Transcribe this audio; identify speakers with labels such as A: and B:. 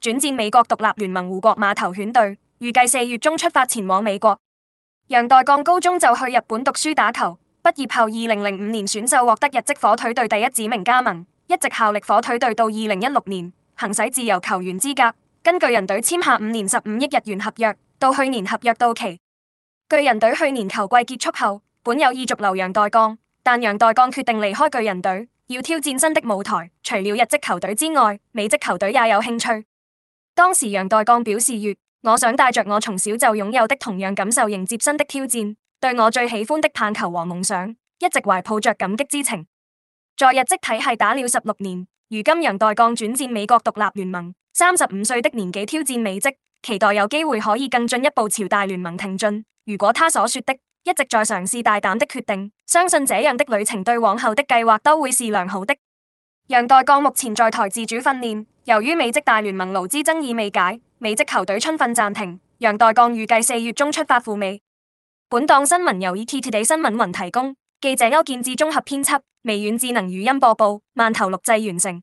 A: 轉戰美國獨立聯盟湖國碼頭犬隊，預計四月中出發前往美國。陽岱鋼高中就去日本讀書打球，畢業後二零零五年選秀獲得日職火腿隊第一指名加盟，一直效力火腿隊到二零一六年，行使自由球員資格。跟巨人隊簽下五年十五億日元合約，到去年合約到期，巨人隊去年球季結束後本有意續留陽岱鋼，但陽岱鋼決定離開巨人隊，要挑戰新的舞台。除了日職球隊之外，美職球隊也有興趣。當時陽岱鋼表示月：，月我想帶着我從小就擁有的同樣感受，迎接新的挑戰，對我最喜歡的棒球和夢想，一直懷抱着感激的之情。在日職體系打了十六年，如今陽岱鋼轉戰美國獨立聯盟，三十五歲的年紀挑戰美職，期待有機會可以更進一步朝大聯盟挺進。如果他所說的一直在嘗試大膽的決定，相信這樣的旅程對往後的計劃都會是良好的。陽岱鋼目前在台自主訓練，由於美職大聯盟勞資爭議未解，美職球隊春訓暫停。陽岱鋼預計四月中出發赴美。本檔新聞由 ETtoday 新聞雲提供，記者歐建智綜合編輯，微軟智能語音播報，曼頭錄製完成。